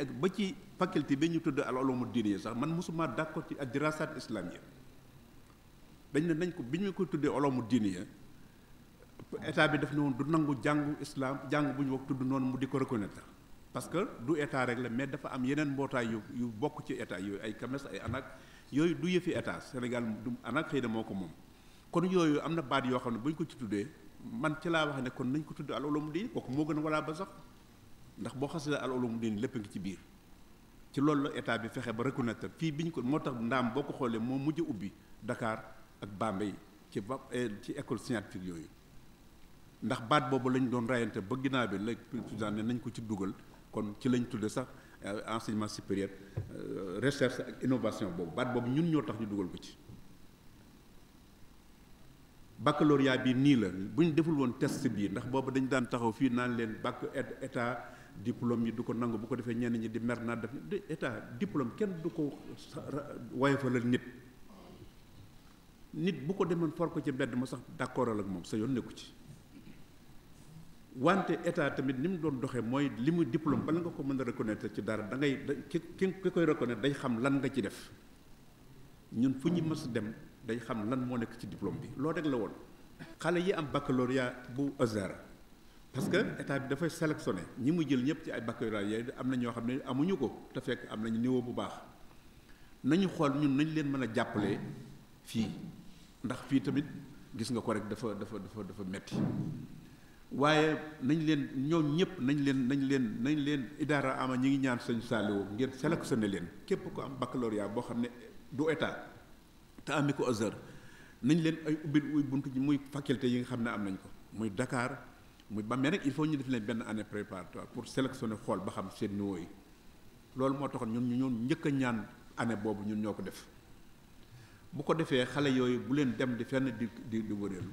ak ba ci faculté bi ñu tudd al ulum diine sax man mosuma d'accord ci ak dirasat islamiyya dañ ne nañ ko bi ñu koy tuddee ulum diine état bi daf ne woon du nangu jàngu islaam jàng bu ñu wax tudd noonu mu di ko reconnaître parce que du état rek la mais dafa am yeneen mbootaay yu yu bokk ci état yooyu ay CAMES ay ANAQ yooyu du yëfi état Sénégal du ANAQ xëy de moo ko moom kon yooyu am na baat yoo xam ne bu ñu ko ci tuddee man ci laa wax ne kon nañ ko tudd al ulum diine kooku moo gën a walaa ba sax ndax boo xasee aloolu mu din lépp ngi ci biir ci loolu la état bi fexe ba reconnaître fii bi ñu ko moo tax ndaam boo ko xoolee moo mujj ubbi dakaar ak Bambey ci ba eh, ci école scientifique yooyu ndax baat boobu lañ doon rayante ba ginnaaw bi la président ne nañ ko ci dugal kon ci lañ tudde sax euh, enseignement supérieur euh, recherche ak innovation boobu baat boobu ñun ñoo tax ñu dugal ko ci baccalauréat bii nii la bu ñu deful woon test bii ndax boobu dañu daan taxaw fii naan leen bac état diplôme yi du ko nangu bu ko defee ñenn ñi di mer naa def état diplôme kenn du ko woyofalal nit nit bu ko demeen for ko ci mbedd ma sax d'accord ak moom sa yoon nekku ci wante état tamit ni mu doon doxee mooy li mu diplôme bala nga ko mën a reconnaître ci dara da ngay ki ki koy reconnaître day xam lan nga ci def ñun fu ñu mës dem day xam lan moo nekk ci diplôme bi loo rek la woon xale yi am baccalauréat bu Azhar parce que état bi dafay sélectionné ñi mu jël ñëpp ci ay baccalauréat am na ñoo xam ne amuñu ko te fekk am nañu niveau bu baax nañu xool ñun nañu leen mën a jàppale fii ndax fii tamit gis nga ko rek dafa dafa dafa dafa metti waaye nañ leen ñoom ñëpp nañ leen nañ leen nañ leen idaara ama ñi ngi ñaan sëñ Saliou ngeen sélectionné leen képp ko am baccalauréat boo xam ne du état te ami ko Azhar nañ leen ay ubbil uy bunt ji muy faculté yi nga xam ne am nañ ko muy dakaar muy ba mais nag il faut ñu def leen benn année préparatoire pour sélectionner xool ba xam seen niveau yi loolu moo taxoon ñun ñu ñun njëkk a ñaan année boobu ñun ñoo ko def bu ko defee xale yooyu bu leen dem di fenn di di di wëreelu